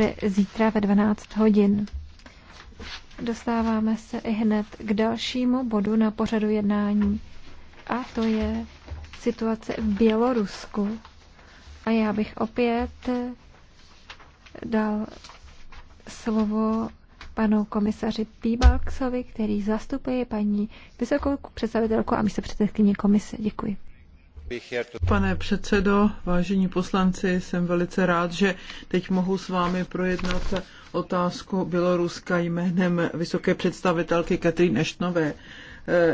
bude zítra ve 12 hodin. Dostáváme se i hned k dalšímu bodu na pořadu jednání. A to je situace v Bělorusku. A já bych opět dal slovo panu komisaři Píbalksovi, který zastupuje paní vysokou představitelku a místopředsedkyni komise. Děkuji. Pane předsedo, vážení poslanci, jsem velice rád, že teď mohu s vámi projednat otázku Běloruska jménem vysoké představitelky Katrin Eštnové.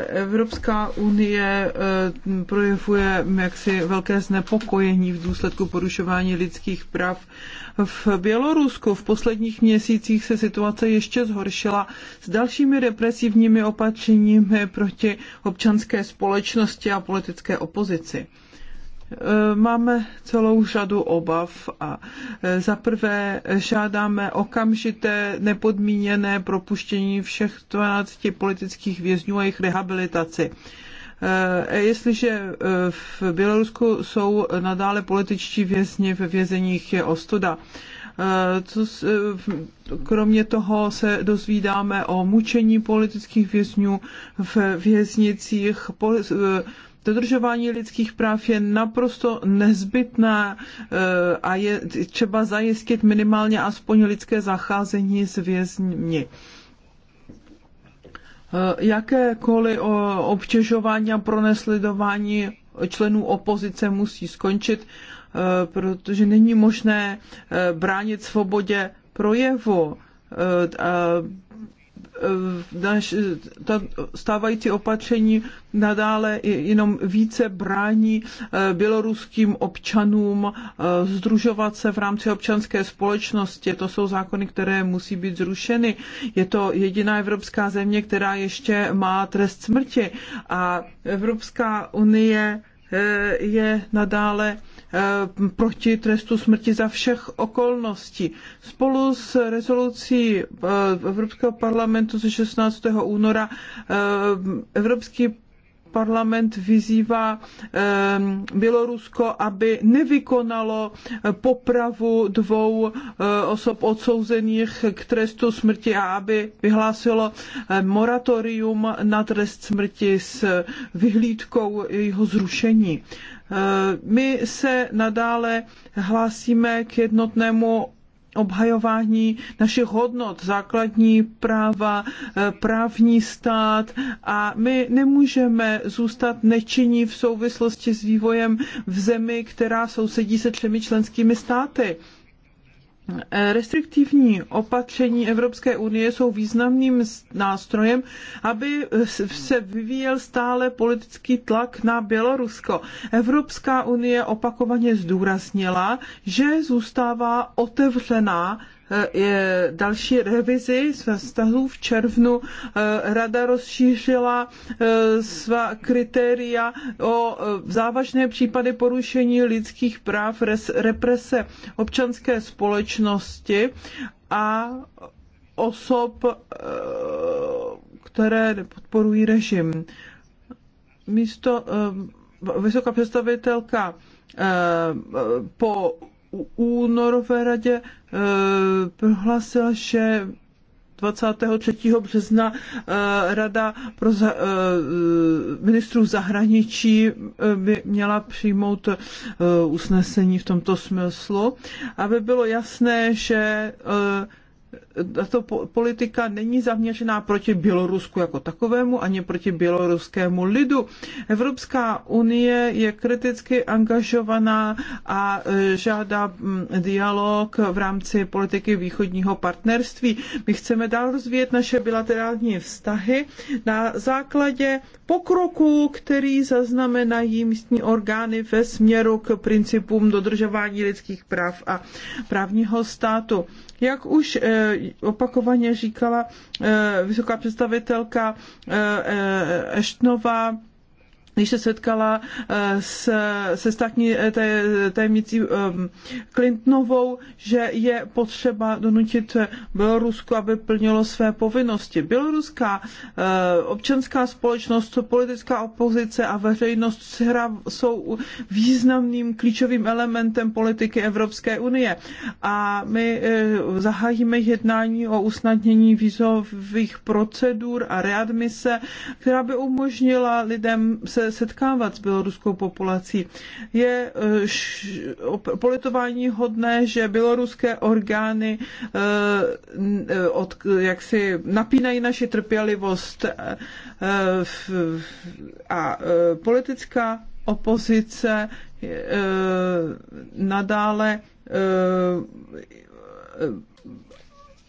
Evropská unie eh, projevuje jaksi velké znepokojení v důsledku porušování lidských práv. V Bělorusku v posledních měsících se situace ještě zhoršila s dalšími represivními opatřeními proti občanské společnosti a politické opozici. Eh, máme celou řadu obav a eh, za prvé eh, žádáme okamžité nepodmíněné propuštění všech 12 politických vězňů a jejich rehabilitaci. Jestliže v Bělorusku jsou nadále političtí vězni ve vězeních, je ostuda. Co, kromě toho se dozvídáme o mučení politických vězňů v věznicích, Dodržování lidských práv je naprosto nezbytné eh, a je třeba zajistit minimálně aspoň lidské zacházení s vězni eh, jakékoliv obtěžování a pronesledování členů opozice musí skončit, eh, protože není možné bránit svobodě projevu. Eh, naš, eh, ta stávající opatření nadále jenom více brání eh, běloruským občanům združovat se v rámci občanské společnosti. To jsou zákony, které musí být zrušeny. Je to jediná evropská země, která ještě má trest smrti a Evropská unie je nadále Eh, proti trestu smrti za všech okolností. Spolu s rezolucí eh, Evropského parlamentu ze 16. února eh, Evropský parlament vyzývá Bělorusko, aby nevykonalo popravu dvou osob odsouzených k trestu smrti a aby vyhlásilo moratorium na trest smrti s vyhlídkou jeho zrušení. Eh, my se nadále hlásíme k jednotnému obhajování našich hodnot, základní práva, eh, právní stát a my nemůžeme zůstat nečinní v souvislosti s vývojem v zemi, která sousedí se třemi členskými státy. Restriktivní opatření Evropské unie jsou významným nástrojem, aby se vyvíjel stále politický tlak na Bělorusko. Evropská unie opakovaně zdůraznila, že zůstává otevřená Eh, další revizi svých vztahů v červnu. Eh, rada rozšířila eh, svá kritéria o závažné případy porušení lidských práv, represe občanské společnosti a osob, které podporují režim. Místo vysoká představitelka po u norové radě eh, prohlásil, že 23. března eh, Rada pro za, eh, ministrů zahraničí by měla přijmout usnesení v tomto smyslu, aby bylo jasné, že tato politika není zaměřená proti Bělorusku jako takovému, ani proti běloruskému lidu. Evropská unie je kriticky angažovaná a e, žádá dialog v rámci politiky východního partnerství. My chceme dál rozvíjet naše bilaterální vztahy na základě pokroku, který zaznamenají místní orgány ve směru k principům dodržování lidských práv a právního státu. Jak už eh, opakovaně říkala eh, vysoká představitelka eh, Eštnova, když se setkala eh, s, se státní eh, tajemnicí ehm, Clintonovou, že je potřeba donutit Bělorusko, aby plnilo své povinnosti. Běloruská eh, občanská společnost, politická opozice a veřejnost jsou významným klíčovým elementem politiky Evropské unie. A my zahájíme jednání o usnadnění vízových procedur a readmise, která by umožnila lidem se setkávat s běloruskou populací. Je eh, politování hodné, že běloruské orgány eh, eh, od, jak si napínají naši trpělivost a politická opozice nadále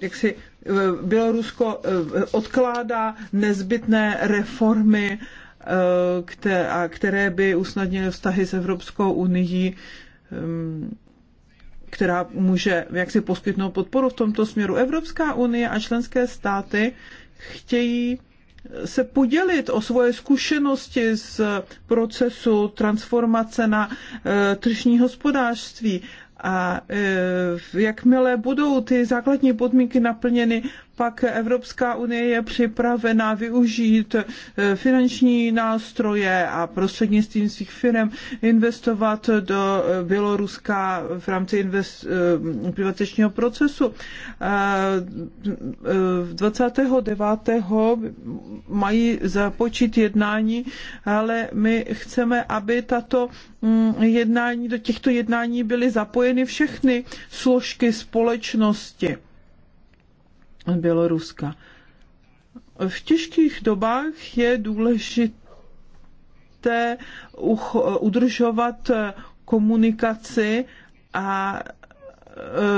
jak si Bělorusko odkládá nezbytné reformy a které by usnadnily vztahy s Evropskou unii, která může jaksi poskytnout podporu v tomto směru. Evropská unie a členské státy chtějí se podělit o svoje zkušenosti z procesu transformace na e, tržní hospodářství. A e, jakmile budou ty základní podmínky naplněny, pak Evropská unie je připravena využít eh, finanční nástroje a prostřednictvím svých firm investovat do eh, Běloruska v rámci invest, eh, privatizačního procesu. 29. mají započít jednání, ale my chceme, aby tato mm, jednání, do těchto jednání byly zapojeny všechny složky společnosti Běloruska. V těžkých dobách je důležité udržovat komunikaci a e,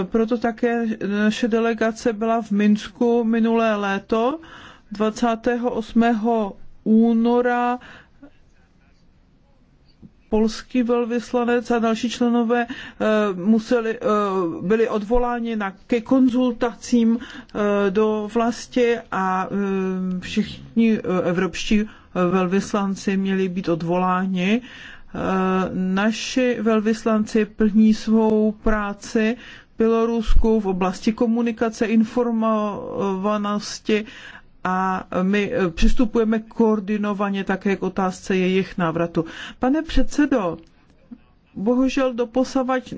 proto také naše delegace byla v Minsku minulé léto 28. února polský velvyslanec a další členové eh, museli, eh, byli odvoláni na, ke konzultacím eh, do vlasti a všichni evropští velvyslanci měli být odvoláni. Naši velvyslanci plní svou práci Bělorusku v oblasti komunikace, informovanosti a my eh, přistupujeme koordinovaně také k otázce jejich návratu. Pane předsedo, bohužel doposavať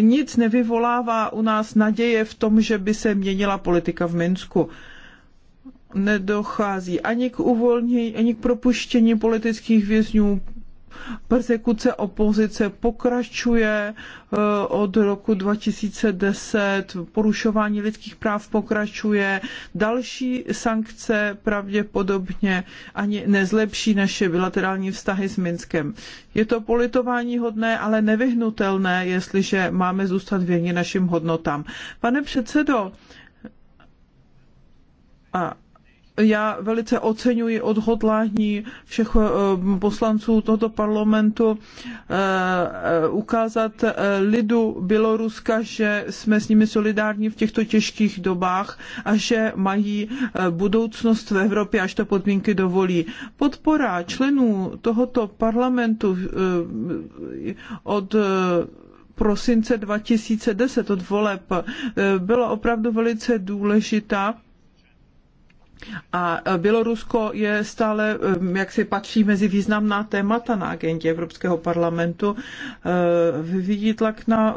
nic nevyvolává u nás naděje v tom, že by se měnila politika v Minsku. Nedochází ani k uvolnění, ani k propuštění politických vězňů, persekuce opozice pokračuje eh, od roku 2010, porušování lidských práv pokračuje, další sankce pravděpodobně ani nezlepší naše bilaterální vztahy s Minskem. Je to politování hodné, ale nevyhnutelné, jestliže máme zůstat věrni našim hodnotám. Pane předsedo, a já velice oceňuji odhodlání všech eh, poslanců tohoto parlamentu eh, eh, ukázat lidu Běloruska, že jsme s nimi solidární v těchto těžkých dobách a že mají budoucnost v Evropě, až to podmínky dovolí. Podpora členů tohoto parlamentu od prosince 2010 od voleb byla opravdu velice důležitá a e, Bělorusko je stále, e, jak si patří mezi významná témata na agendě Evropského parlamentu, e, vyvíjí tlak na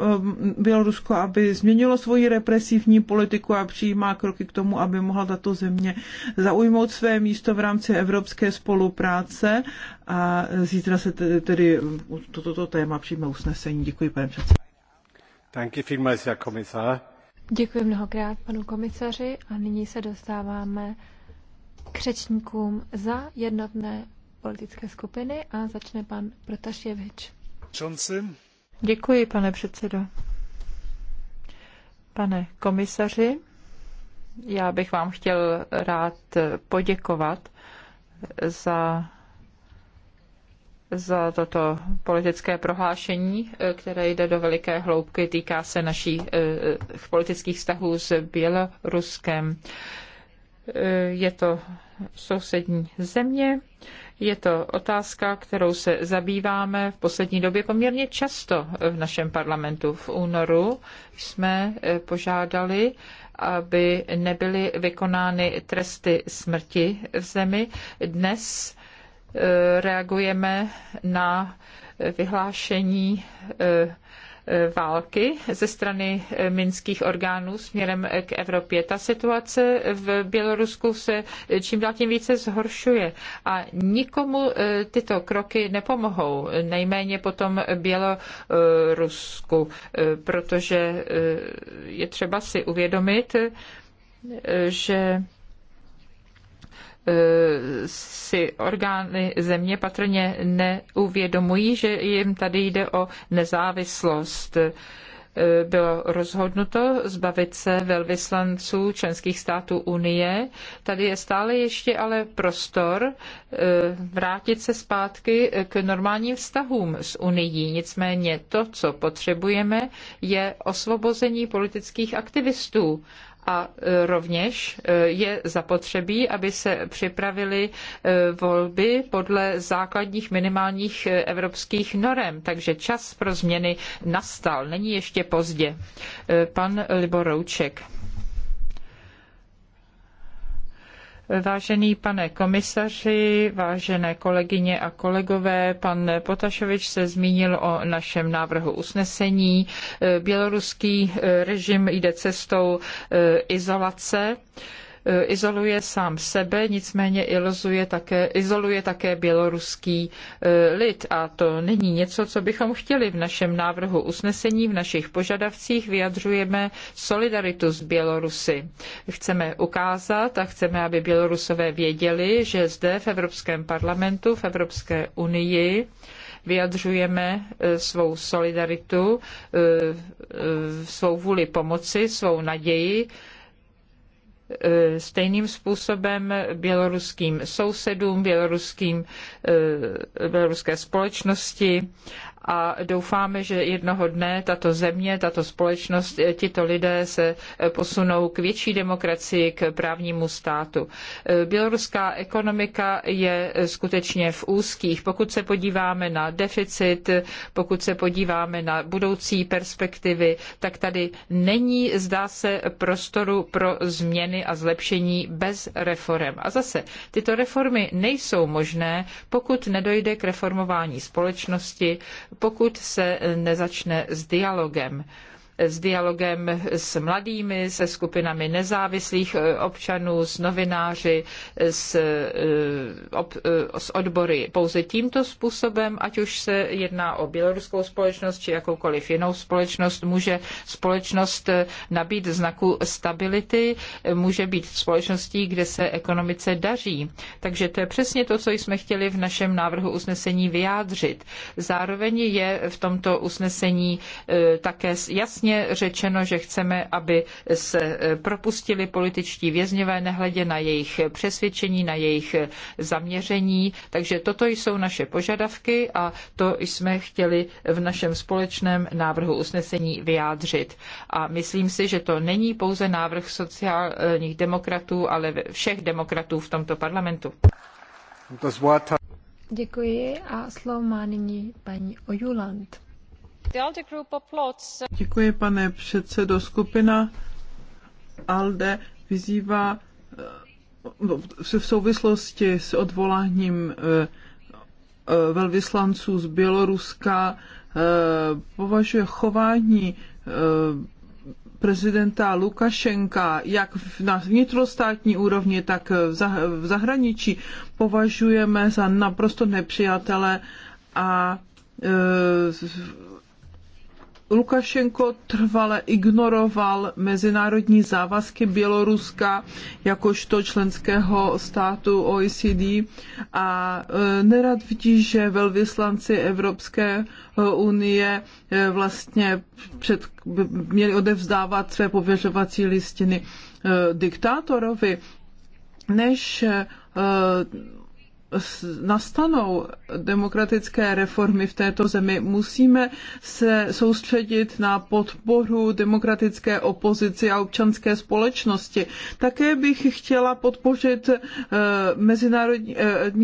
Bělorusko, aby změnilo svoji represivní politiku a přijímá kroky k tomu, aby mohla tato země zaujmout své místo v rámci evropské spolupráce. A zítra se tedy, tedy toto téma přijme usnesení. Děkuji, pane předsedající. Děkuji Herr Kommissar. Děkuji mnohokrát panu komisaři a nyní se dostáváme k řečníkům za jednotné politické skupiny a začne pan Protaševič. Děkuji, pane předsedo. Pane komisaři, já bych vám chtěl rád poděkovat za za toto politické prohlášení, eh, které jde do veliké hloubky, týká se našich eh, eh, politických vztahů s Běloruskem. Je to sousední země, je to otázka, kterou se zabýváme v poslední době poměrně často v našem parlamentu. V únoru jsme požádali aby nebyly vykonány tresty smrti v zemi. Dnes Eh, reagujeme na vyhlášení eh, války ze strany eh, minských orgánů směrem k Evropě. Ta situace v Bělorusku se čím dál tím více zhoršuje a nikomu tyto kroky nepomohou, nejméně potom Bělorusku, protože je třeba si uvědomit, že E, si orgány země patrně neuvědomují, že jim tady jde o nezávislost e, bylo rozhodnuto zbavit se velvyslanců členských států Unie. Tady je stále ještě ale prostor e, vrátit se zpátky k normálním vztahům s Unií. Nicméně to, co potřebujeme, je osvobození politických aktivistů a e, rovněž e, je zapotřebí, aby se připravily e, volby podle základních minimálních evropských norem. Takže čas pro změny nastal. Není ještě pozdě. Pan Libor Rouček. Vážený pane komisaři, vážené kolegyně a kolegové, pan Potašovič se zmínil o našem návrhu usnesení. Běloruský režim jde cestou eh, izolace. E, izoluje sám sebe, nicméně izoluje také, izoluje také běloruský e, lid. A to není něco, co bychom chtěli v našem návrhu usnesení, v našich požadavcích vyjadřujeme solidaritu s Bělorusy. Chceme ukázat a chceme, aby Bělorusové věděli, že zde v Evropském parlamentu, v Evropské unii, vyjadřujeme e, svou solidaritu, svou vůli pomoci, svou naději Eh, stejným způsobem běloruským sousedům, běloruským, eh, běloruské společnosti a doufáme, že jednoho dne tato země, tato společnost, eh, tito lidé se eh, posunou k větší demokracii, k právnímu státu. Eh, běloruská ekonomika je skutečně v úzkých. Pokud se podíváme na deficit, pokud se podíváme na budoucí perspektivy, tak tady není, zdá se, prostoru pro změny a zlepšení bez reform. A zase, tyto reformy nejsou možné, pokud nedojde k reformování společnosti, pokud se nezačne s dialogem s dialogem s mladými, se skupinami nezávislých eh, občanů, s novináři, s, eh, eh, s odbory. Pouze tímto způsobem, ať už se jedná o běloruskou společnost či jakoukoliv jinou společnost, může společnost nabít znaku stability, může být společností, kde se ekonomice daří. Takže to je přesně to, co jsme chtěli v našem návrhu usnesení vyjádřit. Zároveň je v tomto usnesení také jasně jasně řečeno, že chceme, aby se eh, propustili političtí vězňové, nehledě na jejich přesvědčení, na jejich eh, zaměření. Takže toto jsou naše požadavky a to jsme chtěli v našem společném návrhu usnesení vyjádřit. A myslím si, že to není pouze návrh sociálních demokratů, ale všech demokratů v tomto parlamentu. Děkuji a slovo má nyní paní Ojuland. Uh, Děkuji, pane předsedo. Skupina ALDE vyzývá eh, v souvislosti s odvoláním eh, eh, velvyslanců z Běloruska považuje chování prezidenta Lukašenka, jak na vnitrostátní úrovni, tak v zahraničí, považujeme za naprosto nepřijatele a Lukašenko trvale ignoroval mezinárodní závazky Běloruska jakožto členského státu OECD a e, nerad vidí, že velvyslanci Evropské e, unie e, vlastně před, měli odevzdávat své pověřovací listiny diktátorovi, než nastanou demokratické reformy v této zemi, musíme se soustředit na podporu demokratické opozici a občanské společnosti. Také bych chtěla podpořit eh, Mezinárodní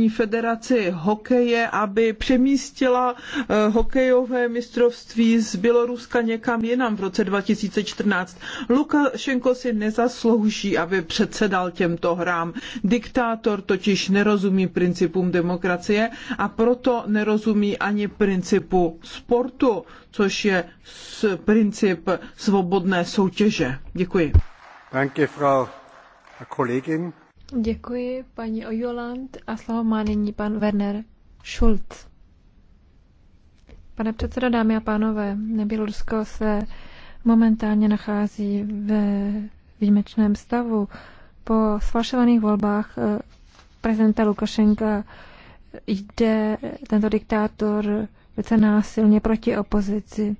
eh, federaci hokeje, aby přemístila eh, hokejové mistrovství z Běloruska někam jinam v roce 2014. Lukašenko si nezaslouží, aby předsedal těmto hrám. Diktátor totiž nerozumí principu principům demokracie a proto nerozumí ani principu sportu, což je princip svobodné soutěže. Děkuji. Danke, Frau Kollegin. Děkuji, paní Ojoland. A slovo má nyní pan Werner Schulz. Pane předsedo, dámy a pánové, Bělorusko se momentálně nachází ve výjimečném stavu. Po sfalšovaných volbách eh, prezidenta Lukašenka jde tento diktátor velice násilně proti opozici.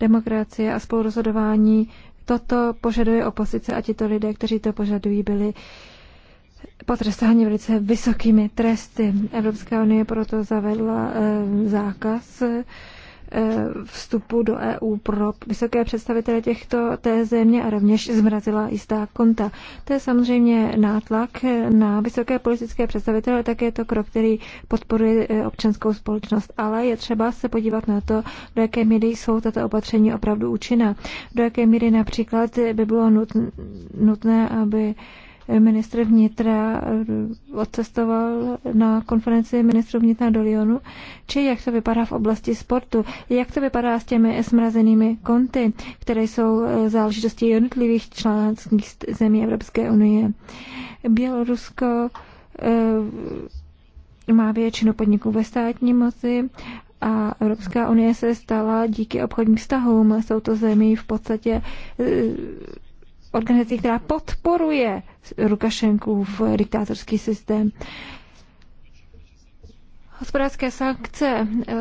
Demokracie a spolurozhodování toto požaduje opozice a tito lidé, kteří to požadují, byli potrestáni velice vysokými tresty. Evropská unie proto zavedla eh, zákaz Eh, vstupu do EU pro vysoké představitele těchto té země a rovněž zmrazila jistá konta. To je samozřejmě nátlak na vysoké politické představitele, tak je to krok, který podporuje eh, občanskou společnost. Ale je třeba se podívat na to, do jaké míry jsou tato opatření opravdu účinná. Do jaké míry například by bylo nutné, aby ministr vnitra eh, odcestoval na konferenci ministrů vnitra do Lyonu, či jak to vypadá v oblasti sportu, jak to vypadá s těmi smrazenými konty, které jsou eh, záležitostí jednotlivých členských zemí Evropské unie. Bělorusko eh, má většinu podniků ve státní moci a Evropská unie se stala díky obchodním vztahům s touto zemí v podstatě organizací, která podporuje v diktátorský systém. Hospodářské sankce eh,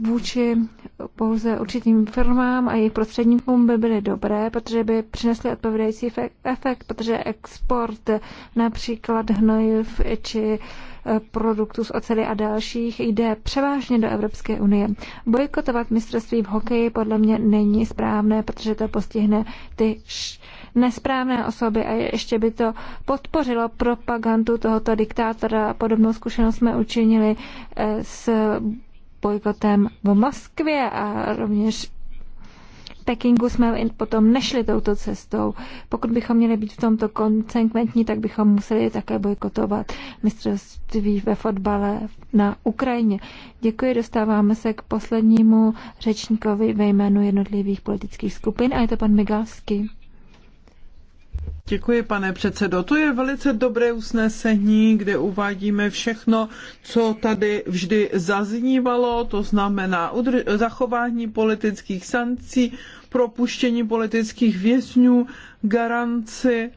vůči pouze určitým firmám a jejich prostředníkům by byly dobré, protože by přinesly odpovědající efekt, protože export například hnojiv či eh, produktů z ocely a dalších jde převážně do Evropské unie. Bojkotovat mistrovství v hokeji podle mě není správné, protože to postihne ty š- nesprávné osoby a ještě by to podpořilo propagandu tohoto diktátora. Podobnou zkušenost jsme učinili eh, s bojkotem v Moskvě a rovněž Pekingu jsme potom nešli touto cestou. Pokud bychom měli být v tomto konsekventní, tak bychom museli také bojkotovat mistrovství ve fotbale na Ukrajině. Děkuji, dostáváme se k poslednímu řečníkovi ve jménu jednotlivých politických skupin a je to pan Migalsky. Děkuji, pane předsedo. To je velice dobré usnesení, kde uvádíme všechno, co tady vždy zaznívalo, to znamená zachování politických sankcí, propuštění politických vězňů, garanci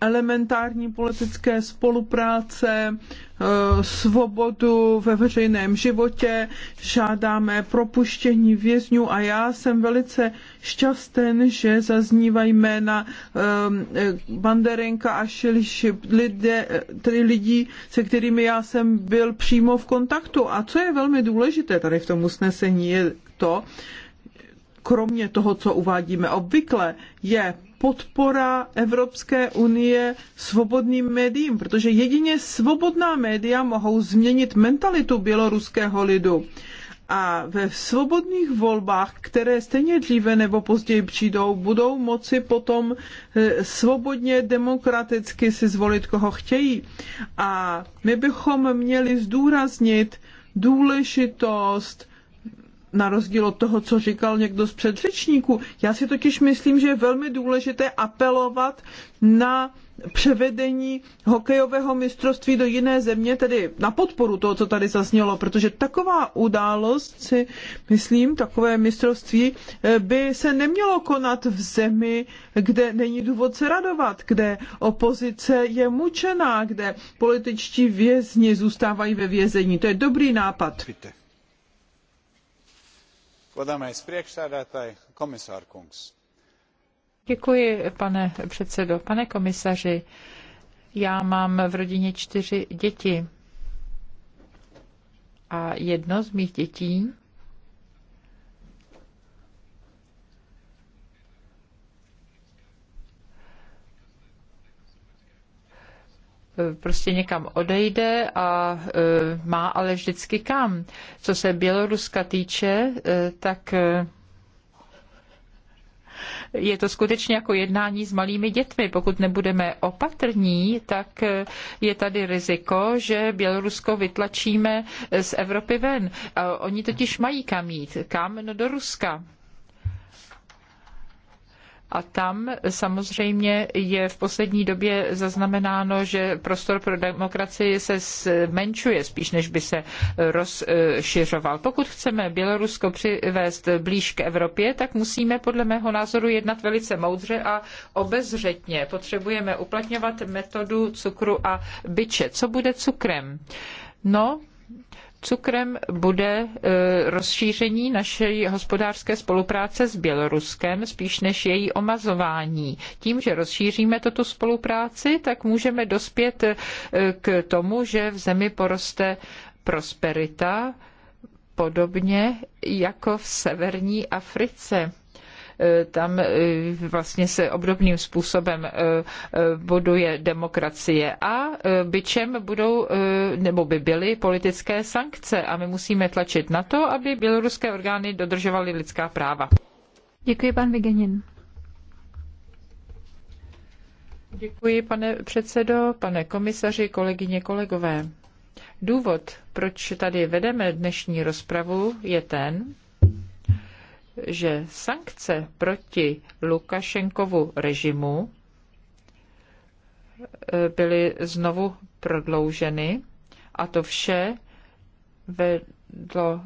elementární politické spolupráce, eh, svobodu ve veřejném životě, žádáme propuštění vězňů a já jsem velice šťasten, že zaznívají jména eh, Banderenka a Šiliš, lidé, tedy lidí, se kterými já jsem byl přímo v kontaktu. A co je velmi důležité tady v tom usnesení je to, kromě toho, co uvádíme obvykle, je podpora Evropské unie svobodným médiím, protože jedině svobodná média mohou změnit mentalitu běloruského lidu. A ve svobodných volbách, které stejně dříve nebo později přijdou, budou moci potom eh, svobodně, demokraticky si zvolit, koho chtějí. A my bychom měli zdůraznit důležitost na rozdíl od toho, co říkal někdo z předřečníků. Já si totiž myslím, že je velmi důležité apelovat na převedení hokejového mistrovství do jiné země, tedy na podporu toho, co tady zaznělo, protože taková událost si myslím, takové mistrovství eh, by se nemělo konat v zemi, kde není důvod se radovat, kde opozice je mučená, kde političtí vězni zůstávají ve vězení. To je dobrý nápad. Víte. Děkuji, pane předsedající Pane komisaři, já mám v rodině čtyři děti. A jedno z mých dětí Eh, prostě někam odejde a eh, má ale vždycky kam. Co se Běloruska týče, eh, tak je to skutečně jako jednání s malými dětmi. Pokud nebudeme opatrní, tak je tady riziko, že Bělorusko vytlačíme z Evropy ven. Oni totiž mají kam jít. Kam? No do Ruska. A tam samozřejmě je v poslední době zaznamenáno, že prostor pro demokracii se zmenšuje spíš, než by se rozšiřoval. Pokud chceme Bělorusko přivést blíž k Evropě, tak musíme podle mého názoru jednat velice moudře a obezřetně. Potřebujeme uplatňovat metodu cukru a byče. Co bude cukrem? No, cukrem bude e, rozšíření naší hospodářské spolupráce s Běloruskem spíš než její omazování. Tím, že rozšíříme toto spolupráci, tak můžeme dospět e, k tomu, že v zemi poroste prosperita, podobně jako v severní Africe E, tam e, vlastně se obdobným způsobem e, buduje demokracie a byčem budou, nebo by byly politické sankce a my musíme tlačit na to, aby běloruské orgány dodržovaly lidská práva. Děkuji, pan Vigenin. Děkuji, pane předsedo, pane komisaři, kolegyně, kolegové. Důvod, proč tady vedeme dnešní rozpravu, je ten, že sankce proti Lukašenkovu režimu e, byly znovu prodlouženy a to vše vedlo e,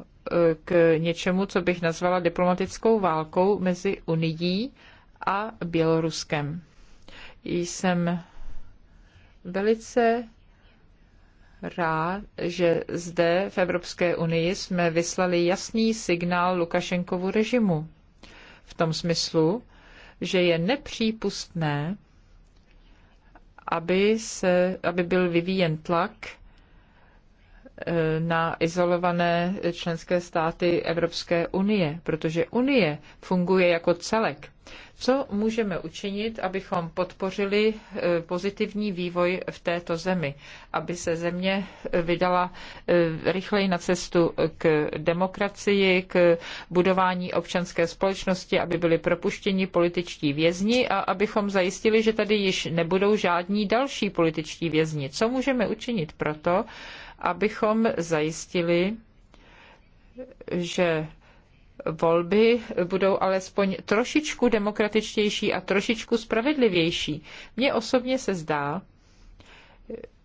k něčemu, co bych nazvala diplomatickou válkou mezi Unidí a Běloruskem. Jsem velice rád, že zde v Evropské unii jsme vyslali jasný signál Lukašenkovu režimu. V tom smyslu, že je nepřípustné, aby, se, aby byl vyvíjen tlak eh, na izolované členské státy Evropské unie, protože unie funguje jako celek co můžeme učinit, abychom podpořili e, pozitivní vývoj v této zemi, aby se země e, vydala e, rychleji na cestu k demokracii, k budování občanské společnosti, aby byli propuštěni političtí vězni a abychom zajistili, že tady již nebudou žádní další političtí vězni. Co můžeme učinit proto, abychom zajistili, že volby budou alespoň trošičku demokratičtější a trošičku spravedlivější. Mně osobně se zdá,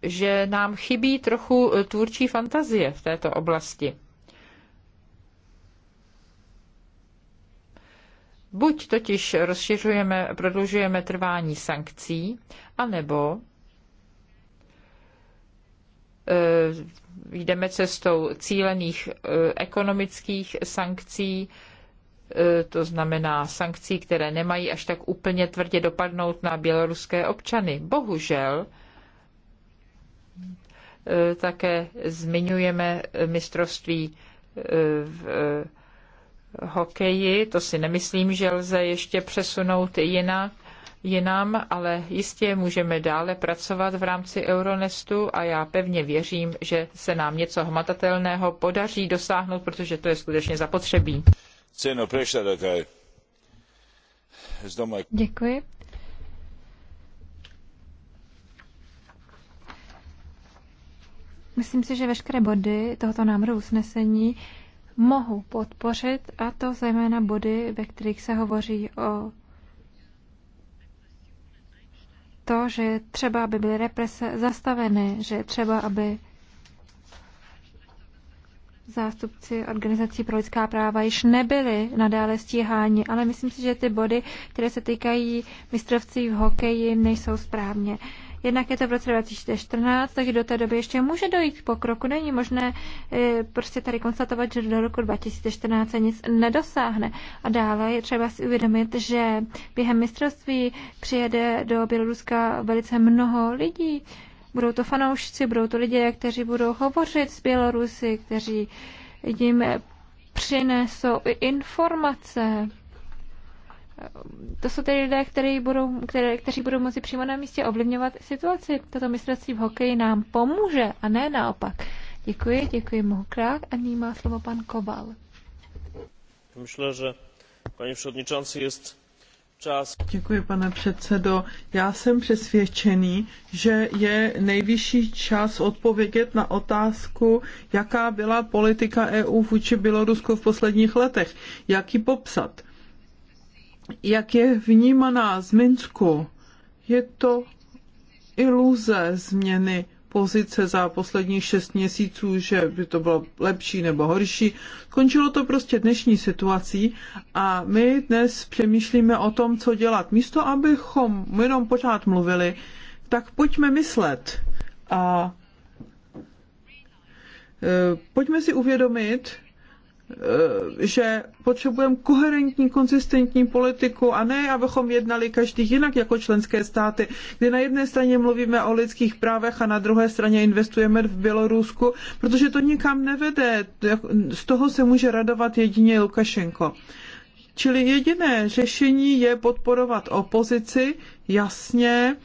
že nám chybí trochu tvůrčí fantazie v této oblasti. Buď totiž rozšiřujeme, prodlužujeme trvání sankcí, anebo Eh, jdeme cestou cílených eh, ekonomických sankcí, eh, to znamená sankcí, které nemají až tak úplně tvrdě dopadnout na běloruské občany. Bohužel také zmiňujeme mistrovství v hokeji, to si nemyslím, že lze ještě přesunout jinak jinam, ale jistě můžeme dále pracovat v rámci Euronestu a já pevně věřím, že se nám něco hmatatelného podaří dosáhnout, protože to je skutečně zapotřebí. Děkuji. Myslím si, že veškeré body tohoto návrhu usnesení mohu podpořit, a to zejména body, ve kterých se hovoří o to, že třeba, aby byly represe zastavené, že třeba, aby zástupci organizací pro lidská práva již nebyli nadále stíháni, ale myslím si, že ty body, které se týkají mistrovství v hokeji, nejsou správně. Uh, jednak je to v roce 2014, takže do té doby ještě může dojít k pokroku. Není možné eh, prostě tady konstatovat, že do roku 2014 se nic nedosáhne. A dále je třeba si uvědomit, že během mistrovství přijede do Běloruska velice mnoho lidí. Budou to fanoušci, budou to lidé, kteří budou hovořit s Bělorusy, kteří jim přinesou informace to jsou tedy lidé, kteří budou, které, kteří budou moci přímo na místě ovlivňovat situaci. Toto mistrovství v hokeji nám pomůže a ne naopak. Děkuji, děkuji mnohokrát a nyní má slovo pan Kobal. Myslím, že paní předsedající je čas. Děkuji, pane předsedo. Já jsem přesvědčený, že je nejvyšší čas odpovědět na otázku, jaká byla politika EU vůči Bělorusku v posledních letech. Jak ji popsat? jak je vnímaná z Minsku, je to iluze změny pozice za posledních šest měsíců, že by to bylo lepší nebo horší. Končilo to prostě dnešní situací a my dnes přemýšlíme o tom, co dělat. Místo, abychom jenom pořád mluvili, tak pojďme myslet a e, pojďme si uvědomit, Eh, že potřebujeme koherentní, konzistentní politiku a ne, abychom jednali každý jinak jako členské státy, kdy na jedné straně mluvíme o lidských právech a na druhé straně investujeme v Bělorusku, protože to nikam nevede. Z toho se může radovat jedině Lukašenko. Čili jediné řešení je podporovat opozici, jasně,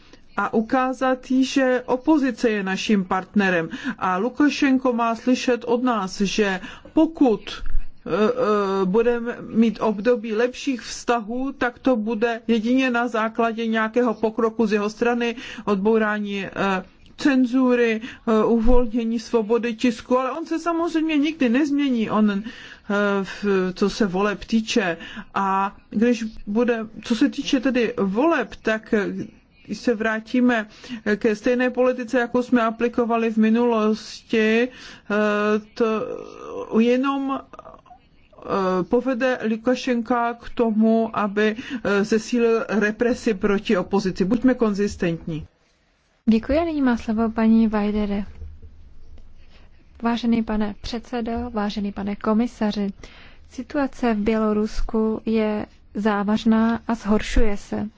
a ukázat jí, že opozice je naším partnerem. A Lukašenko má slyšet od nás, že pokud eh, eh, budeme mít období lepších vztahů, tak to bude jedině na základě nějakého pokroku z jeho strany, odbourání eh, cenzury, uvolnění svobody tisku, ale on se samozřejmě nikdy nezmění, on, co se voleb týče. A když bude, co se týče tedy voleb, tak se vrátíme ke stejné politice, jakou jsme aplikovali v minulosti, eh, to jenom eh, povede Lukašenka k tomu, aby eh, zesílil represi proti opozici. Buďme konzistentní. Děkuji nyní má slovo paní Vajdere. Vážený pane předsedo, vážený pane komisaři, situace v Bělorusku je závažná a zhoršuje se.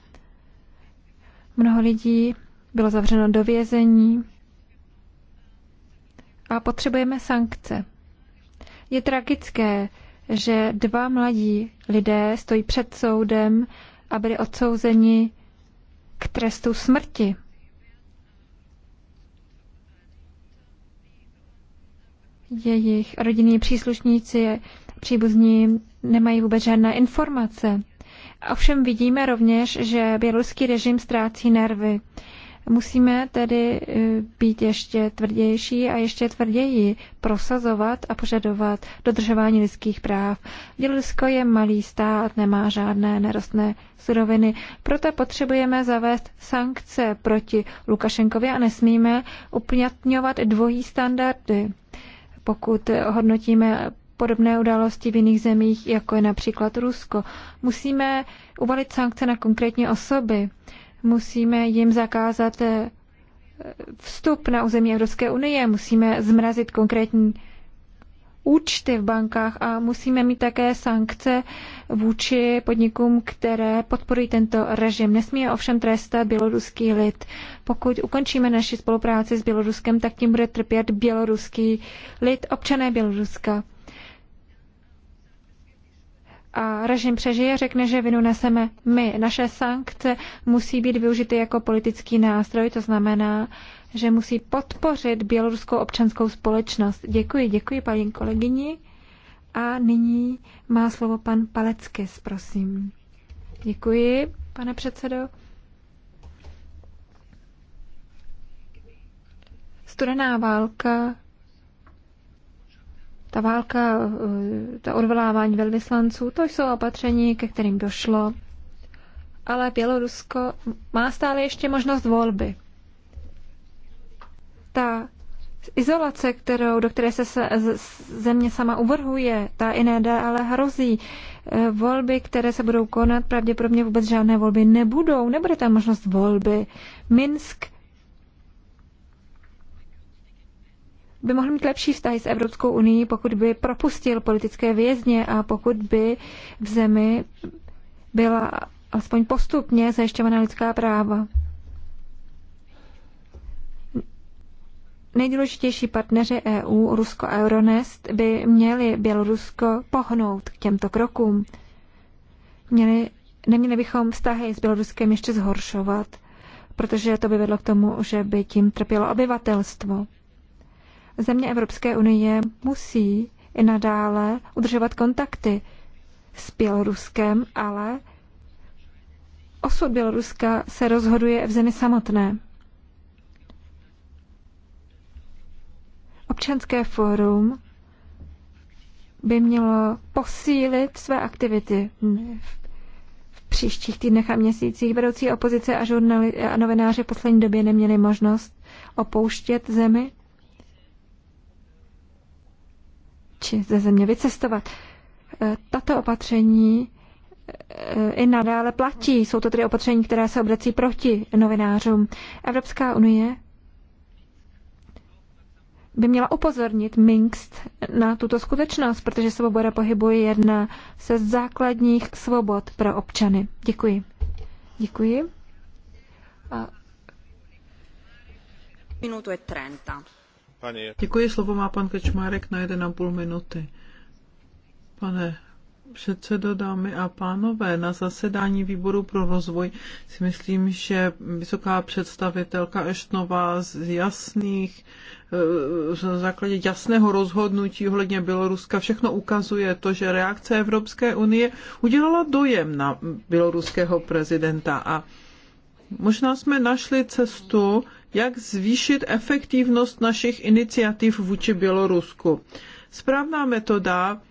Mnoho lidí bylo zavřeno do vězení a potřebujeme sankce. Je tragické, že dva mladí lidé stojí před soudem a byli odsouzeni k trestu smrti. Jejich rodinní příslušníci příbuzní nemají vůbec žádné informace. Ovšem vidíme rovněž, že běloruský režim ztrácí nervy. Musíme tedy e, být ještě tvrdější a ještě tvrději prosazovat a požadovat dodržování lidských práv. Bělorusko je malý stát, nemá žádné nerostné suroviny, proto potřebujeme zavést sankce proti Lukašenkovi a nesmíme uplatňovat dvojí standardy pokud hodnotíme podobné události v jiných zemích, jako je například Rusko. Musíme uvalit sankce na konkrétní osoby, musíme jim zakázat eh, vstup na území Evropské unie, musíme zmrazit konkrétní účty v bankách a musíme mít také sankce vůči podnikům, které podporují tento režim. Nesmí ovšem trestat běloruský lid. Pokud ukončíme naši spolupráci s Běloruskem, tak tím bude trpět běloruský lid, občané Běloruska a režim přežije, řekne, že vinu neseme my. Naše sankce musí být využity jako politický nástroj, to znamená, že musí podpořit běloruskou občanskou společnost. Děkuji, děkuji paní kolegyni. A nyní má slovo pan Paleckis, prosím. Děkuji, pane předsedo. Studená válka ta válka, eh, ta odvolávání velvyslanců, to jsou opatření, ke kterým došlo. Ale Bělorusko má stále ještě možnost volby. Ta izolace, kterou, do které se, země sama uvrhuje, ta i ale hrozí. Eh, volby, které se budou konat, pravděpodobně vůbec žádné volby nebudou. Nebude tam možnost volby. Minsk by mohl mít lepší vztahy s Evropskou unii, pokud by propustil politické vězně a pokud by v zemi byla aspoň postupně zajišťovaná lidská práva. Nejdůležitější partneři EU, Rusko a Euronest, by měli Bělorusko pohnout k těmto krokům. Měli, neměli bychom vztahy s Běloruskem ještě zhoršovat, protože to by vedlo k tomu, že by tím trpělo obyvatelstvo. Země Evropské unie musí i nadále udržovat kontakty s Běloruskem, ale osud Běloruska se rozhoduje v zemi samotné. Občanské fórum by mělo posílit své aktivity v příštích týdnech a měsících. Vedoucí opozice a, a novináři v poslední době neměli možnost opouštět zemi. či ze země vycestovat. E, tato opatření e, i nadále platí. Jsou to tedy opatření, která se obrací proti novinářům. Evropská unie by měla upozornit Minkst na tuto skutečnost, protože svoboda pohybu je jedna ze základních svobod pro občany. Děkuji. Děkuji. A... Minutu je 30. Panie... Děkuji, slovo má pan Kečmárek na 1,5 minuty. Pane předsedo, dámy a pánové, na zasedání výboru pro rozvoj si myslím, že vysoká představitelka Eštnová z jasných, eh, z základě jasného rozhodnutí ohledně Běloruska všechno ukazuje to, že reakce Evropské unie udělala dojem na běloruského prezidenta a Možná jsme našli cestu, jak zvýšit efektivnost našich iniciativ vůči Bělorusku. Správná metoda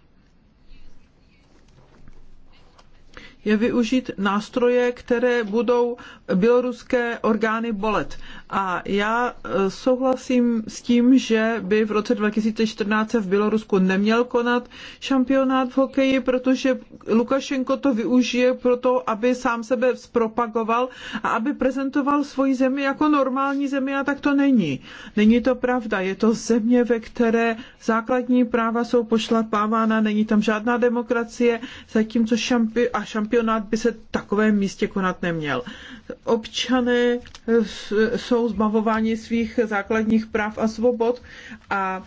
je využít nástroje, které budou běloruské orgány bolet. A já e, souhlasím s tím, že by v roce 2014 v Bělorusku neměl konat šampionát v hokeji, protože Lukašenko to využije pro to, aby sám sebe zpropagoval a aby prezentoval svoji zemi jako normální zemi a tak to není. Není to pravda. Je to země, ve které základní práva jsou pošlapávána, není tam žádná demokracie, zatímco šampi- a šampionát by se v takovém místě konat neměl občané jsou zbavováni svých základních práv a svobod a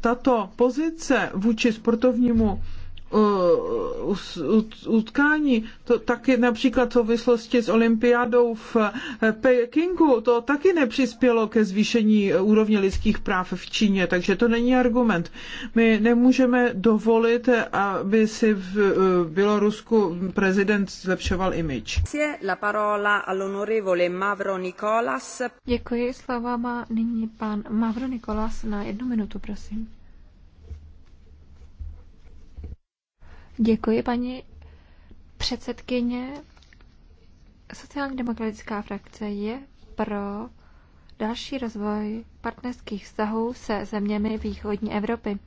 tato pozice vůči sportovnímu utkání, to taky například v souvislosti s olympiádou v eh, Pekingu, to taky nepřispělo ke zvýšení úrovně lidských práv v Číně, takže to není argument. My nemůžeme dovolit, aby si v eh, Bělorusku prezident zlepšoval imič. Děkuji, slova má nyní pan Mavro Nikolas na jednu minutu, prosím. Děkuji, paní předsedkyně. Sociálně demokratická frakce je pro další rozvoj partnerských vztahů se zeměmi východní Evropy.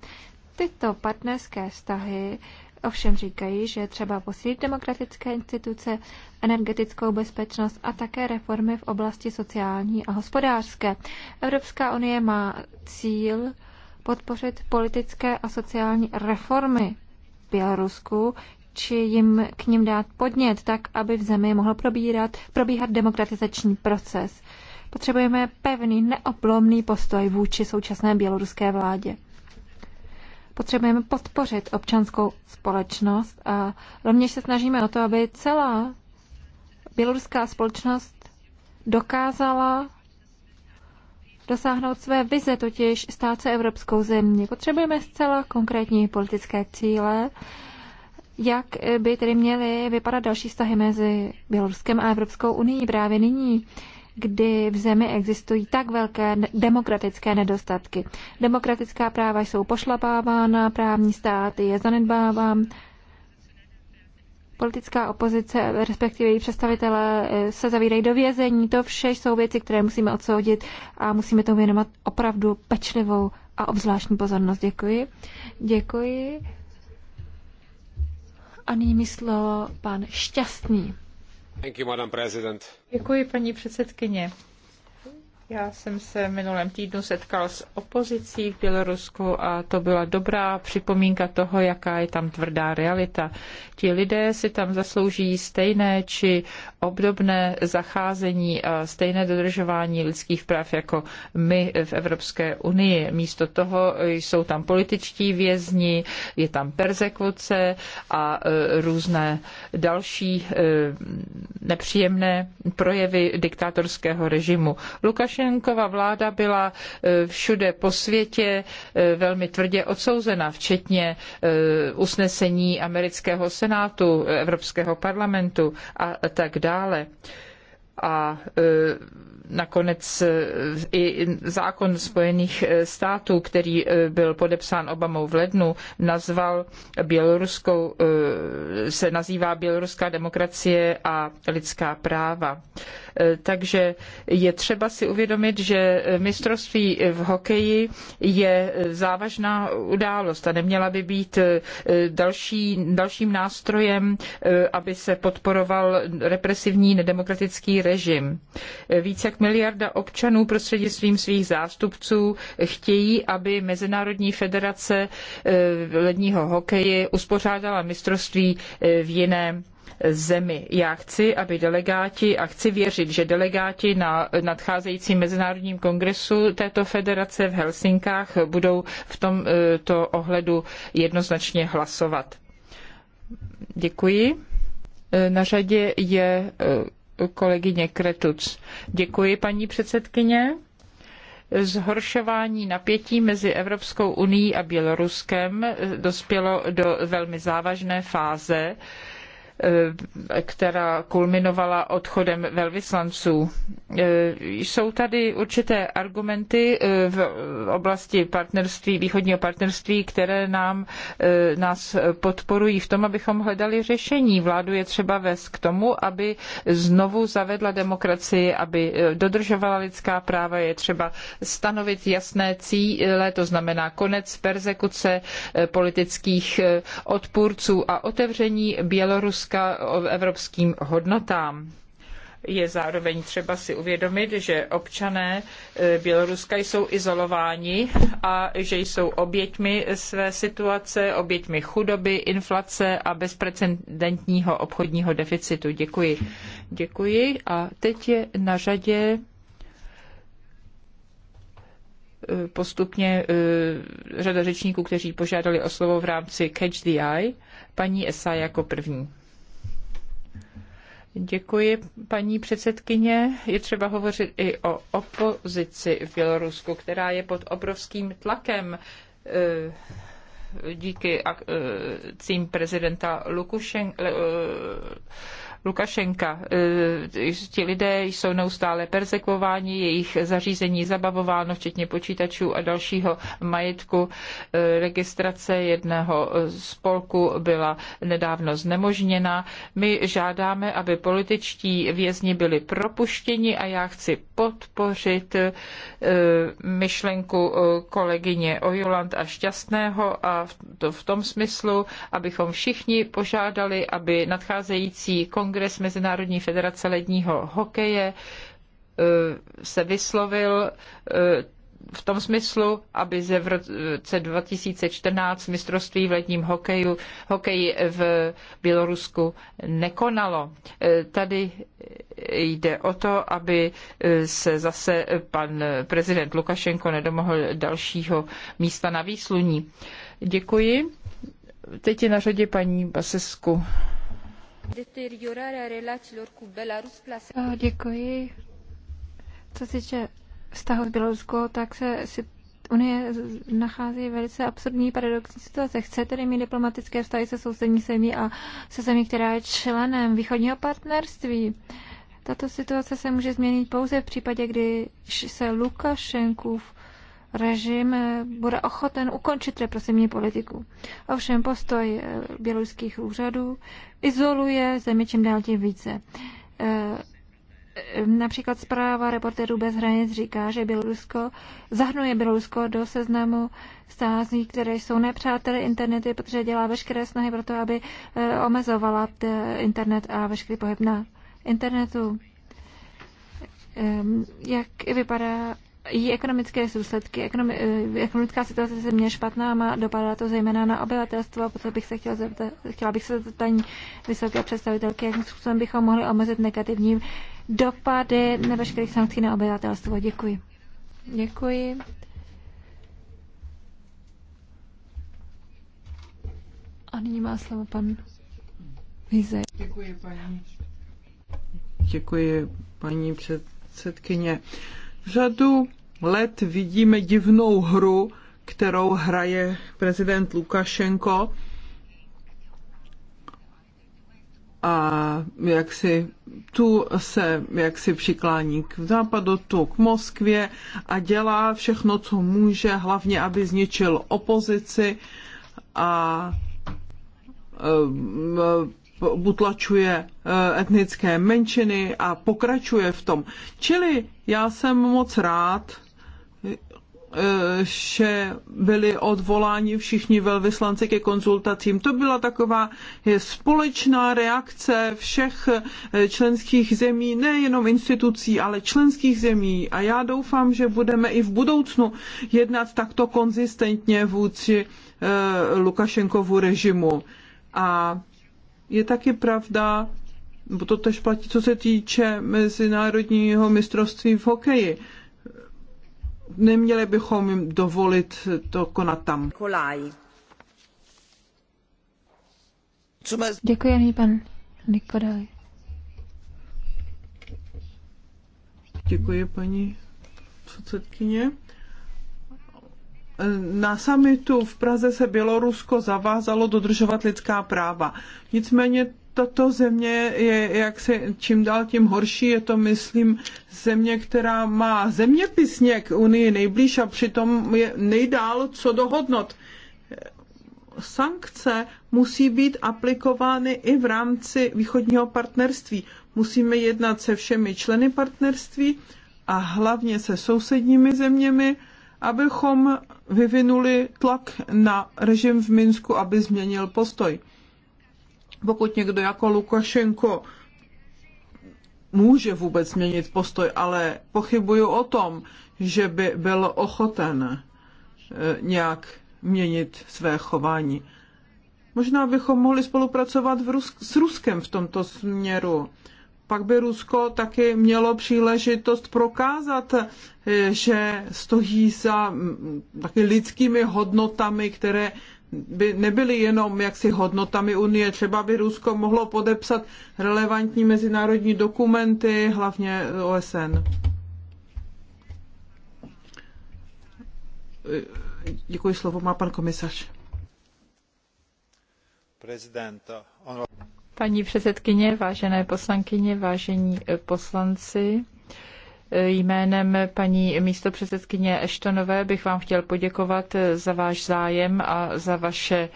Tyto partnerské vztahy ovšem říkají, že třeba posílit demokratické instituce, energetickou bezpečnost a také reformy v oblasti sociální a hospodářské. Evropská unie má cíl podpořit politické a sociální reformy Bělorusku, či jim k ním dát podnět, tak aby v zemi mohl probírat, probíhat demokratizační proces. Potřebujeme pevný, neoblomný postoj vůči současné běloruské vládě. Potřebujeme podpořit občanskou společnost a rovněž se snažíme o to, aby celá běloruská společnost dokázala dosáhnout své vize, totiž stát se evropskou zemí. Potřebujeme zcela konkrétní politické cíle, jak by tedy měly vypadat další vztahy mezi Běloruskem a Evropskou unii právě nyní kdy v zemi existují tak velké demokratické nedostatky. Demokratická práva jsou pošlapávána, právní stát je zanedbáván, politická opozice, respektive její představitelé eh, se zavírají do vězení. To vše jsou věci, které musíme odsoudit a musíme tomu věnovat opravdu pečlivou a obzvláštní pozornost. Děkuji. Děkuji. A nyní mi slovo pan Šťastný. Děkuji, paní předsedkyně. Já jsem se minulém týdnu setkal s opozicí v Bělorusku a to byla dobrá připomínka toho, jaká je tam tvrdá realita. Ti lidé si tam zaslouží stejné či obdobné zacházení a stejné dodržování lidských práv jako my v Evropské unii. Místo toho jsou tam političtí vězni, je tam persekuce a e, různé další e, nepříjemné projevy diktátorského režimu. Lukaš Lukašenkova vláda byla e, všude po světě e, velmi tvrdě odsouzena, včetně e, usnesení amerického senátu, Evropského parlamentu a tak dále. A nakonec i zákon Spojených států, který byl podepsán Obamou v lednu, nazval běloruskou, se nazývá běloruská demokracie a lidská práva. Eh, takže je třeba si uvědomit, že eh, mistrovství v hokeji je eh, závažná událost a neměla by být další, dalším nástrojem, aby se podporoval represivní nedemokratický režim. Více jak miliarda občanů prostřednictvím svých zástupců chtějí, aby Mezinárodní federace ledního hokeje uspořádala mistrovství v jiném zemi. Já chci, aby delegáti, a chci věřit, že delegáti na nadcházejícím mezinárodním kongresu této federace v Helsinkách budou v tomto eh, ohledu jednoznačně hlasovat. Děkuji. Eh, na řadě je eh, kolegyně Kretuc. Děkuji, paní předsedkyně. Zhoršování napětí mezi Evropskou unií a Běloruskem dospělo do velmi závažné fáze Eh, která kulminovala odchodem velvyslanců. Eh, jsou tady určité argumenty eh, v oblasti partnerství, východního partnerství, které nám, nás podporují v tom, abychom hledali řešení. Vládu je třeba vést k tomu, aby znovu zavedla demokracii, aby dodržovala lidská práva, je třeba stanovit jasné cíle, to znamená konec persekuce politických odpůrců a otevření Běloruska Ruska evropským hodnotám je zároveň třeba si uvědomit, že občané eh, Běloruska jsou izolováni a že jsou oběťmi své situace, oběťmi chudoby, inflace a bezprecedentního obchodního deficitu. Děkuji. Děkuji a teď je na řadě eh, postupně eh, řada řečníků, kteří požádali o slovo v rámci Catch the Eye, paní Esa jako první. Děkuji, paní předsedkyně. Je třeba hovořit i o opozici v Bělorusku, která je pod obrovským tlakem eh, díky akcím prezidenta Lukušen, eh, Lukašenka. Eh, ti lidé jsou neustále persekováni, jejich zařízení zabavováno, včetně počítačů a dalšího majetku. Eh, registrace jednoho eh, spolku byla nedávno znemožněna. My žádáme, aby političtí vězni byli propuštěni a já chci podpořit myšlenku kolegyně Ojuland a Šťastného a to v tom smyslu, abychom všichni požádali, aby nadcházející kongres kongres Mezinárodní federace ledního hokeje e, se vyslovil e, v tom smyslu, aby ze v roce 2014 mistrovství v ledním hokeju, hokeji v Bělorusku nekonalo. E, tady jde o to, aby se zase pan prezident Lukašenko nedomohl dalšího místa na výsluní. Děkuji. Teď je na řadě paní Basesku deteriorarea relațiilor cu Belarus plasează... Děkuji. Co se týče vztahu s Běloruskou, tak se Unie nachází velice absurdní paradoxní situace. Chce tedy mít diplomatické vztahy se sousední zemí a se zemí, která je členem východního partnerství. Tato situace se může změnit pouze v případě, když se Lukašenkův režim eh, bude ochoten ukončit represivní politiku. Ovšem postoj eh, běloruských úřadů izoluje zemi čím dál tím více. Eh, například zpráva reportérů bez hranic říká, že Bělorusko zahrnuje Bělorusko do seznamu stází, které jsou nepřáteli internety, protože dělá veškeré snahy pro to, aby omezovala internet a veškerý pohyb na internetu. Ehm, jak vypadá i ekonomické důsledky. Ekonomi- eh, ekonomická situace se mě špatná, má dopadá to zejména na obyvatelstvo a potom bych se chtěla zeptat, chtěla bych se zeptat paní vysoké představitelky, jakým způsobem bychom mohli omezit negativní dopady neveškerých sankcí na obyvatelstvo. Děkuji. Děkuji. A nyní má slovo pan Vize. Děkuji, paní. Děkuji, paní předsedkyně. Řadu let vidíme divnou hru, kterou hraje prezident Lukašenko a jak si tu se jak si přiklání k západu, tu k Moskvě a dělá všechno, co může, hlavně, aby zničil opozici a butlačuje eh, eh, etnické menšiny a pokračuje v tom. Čili já jsem moc rád, Eh, že byli odvoláni všichni velvyslanci ke konzultacím. To byla taková eh, společná reakce všech eh, členských zemí, nejenom institucí, ale členských zemí. A já doufám, že budeme i v budoucnu jednat takto konzistentně vůči Lukašenkovu režimu. A je taky pravda, bo to tež platí, co se týče mezinárodního mistrovství v hokeji neměli bychom jim dovolit to konat tam. Děkuji, ani pan Nikodaj. Děkuji, paní předsedkyně. Na samitu v Praze se Bělorusko zavázalo dodržovat lidská práva. Nicméně tato země je jak se čím dál tím horší. Je to, myslím, země, která má zeměpisně k Unii nejblíž a přitom je nejdál co hodnot Sankce musí být aplikovány i v rámci východního partnerství. Musíme jednat se všemi členy partnerství a hlavně se sousedními zeměmi, abychom vyvinuli tlak na režim v Minsku, aby změnil postoj pokud někdo jako Lukašenko může vůbec změnit postoj, ale pochybuju o tom, že by byl ochoten eh, nějak měnit své chování. Možná bychom mohli spolupracovat v Rus- s Ruskem v tomto směru. Pak by Rusko taky mělo příležitost prokázat, eh, že stojí za mm, mm, taky lidskými hodnotami, které by nebyly jenom jaksi hodnotami Unie. Třeba by Rusko mohlo podepsat relevantní mezinárodní dokumenty, hlavně OSN. Děkuji, slovo má pan komisař. Paní předsedkyně, vážené poslankyně, vážení eh, poslanci, Jménem paní místopředsedkyně Eštonové bych vám chtěl poděkovat za váš zájem a za vaše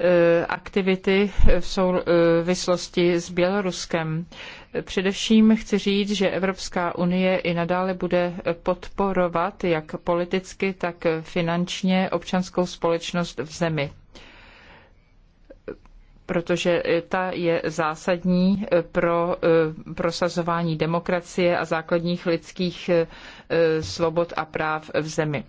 e, aktivity v souvislosti s Běloruskem. Především chci říct, že Evropská unie i nadále bude podporovat jak politicky, tak finančně občanskou společnost v zemi protože ta je zásadní eh, pro eh, prosazování demokracie a základních lidských eh, svobod a práv v zemi.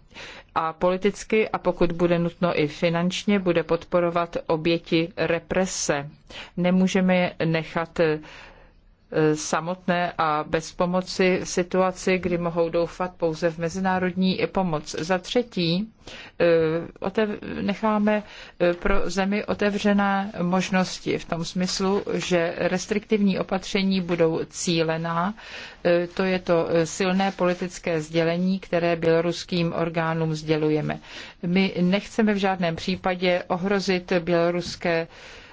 A politicky, a pokud bude nutno i finančně, bude podporovat oběti represe. Nemůžeme je nechat E, samotné a bez pomoci v situaci, kdy mohou doufat pouze v mezinárodní pomoc. Za třetí, e, necháme e, pro zemi otevřené možnosti v tom smyslu, že restriktivní opatření budou cílená. To je to silné politické sdělení, které běloruským orgánům sdělujeme. My nechceme v žádném případě ohrozit běloruské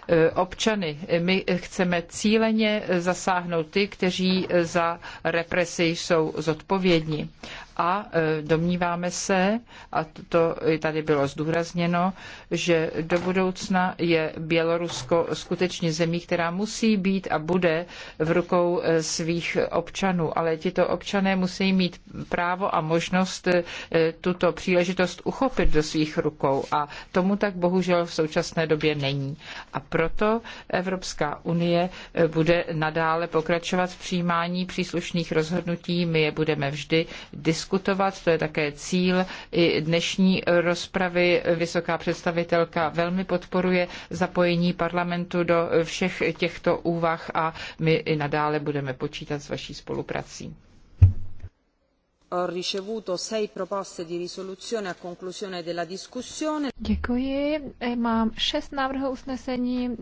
Eh, občany. My chceme cíleně zasáhnout ty, kteří za represi jsou zodpovědní a e, domníváme se, a to tady bylo zdůrazněno, že do budoucna je Bělorusko skutečně zemí, která musí být a bude v rukou e, svých občanů, ale tito občané musí mít právo a možnost e, tuto příležitost uchopit do svých rukou a tomu tak bohužel v současné době není. A proto Evropská unie bude nadále pokračovat v přijímání příslušných rozhodnutí, my je budeme vždy diskutovat diskutovat. To je také cíl i dnešní rozpravy. Vysoká představitelka velmi podporuje zapojení parlamentu do všech těchto úvah a my i nadále budeme počítat s vaší spoluprací Děkuji. E, mám šest návrhů usnesení,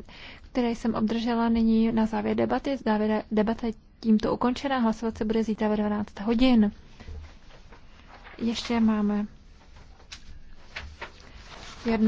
které jsem obdržela nyní na závěr debaty. Závěr debata je tímto ukončena. Hlasovat se bude zítra ve 12 hodin ještě máme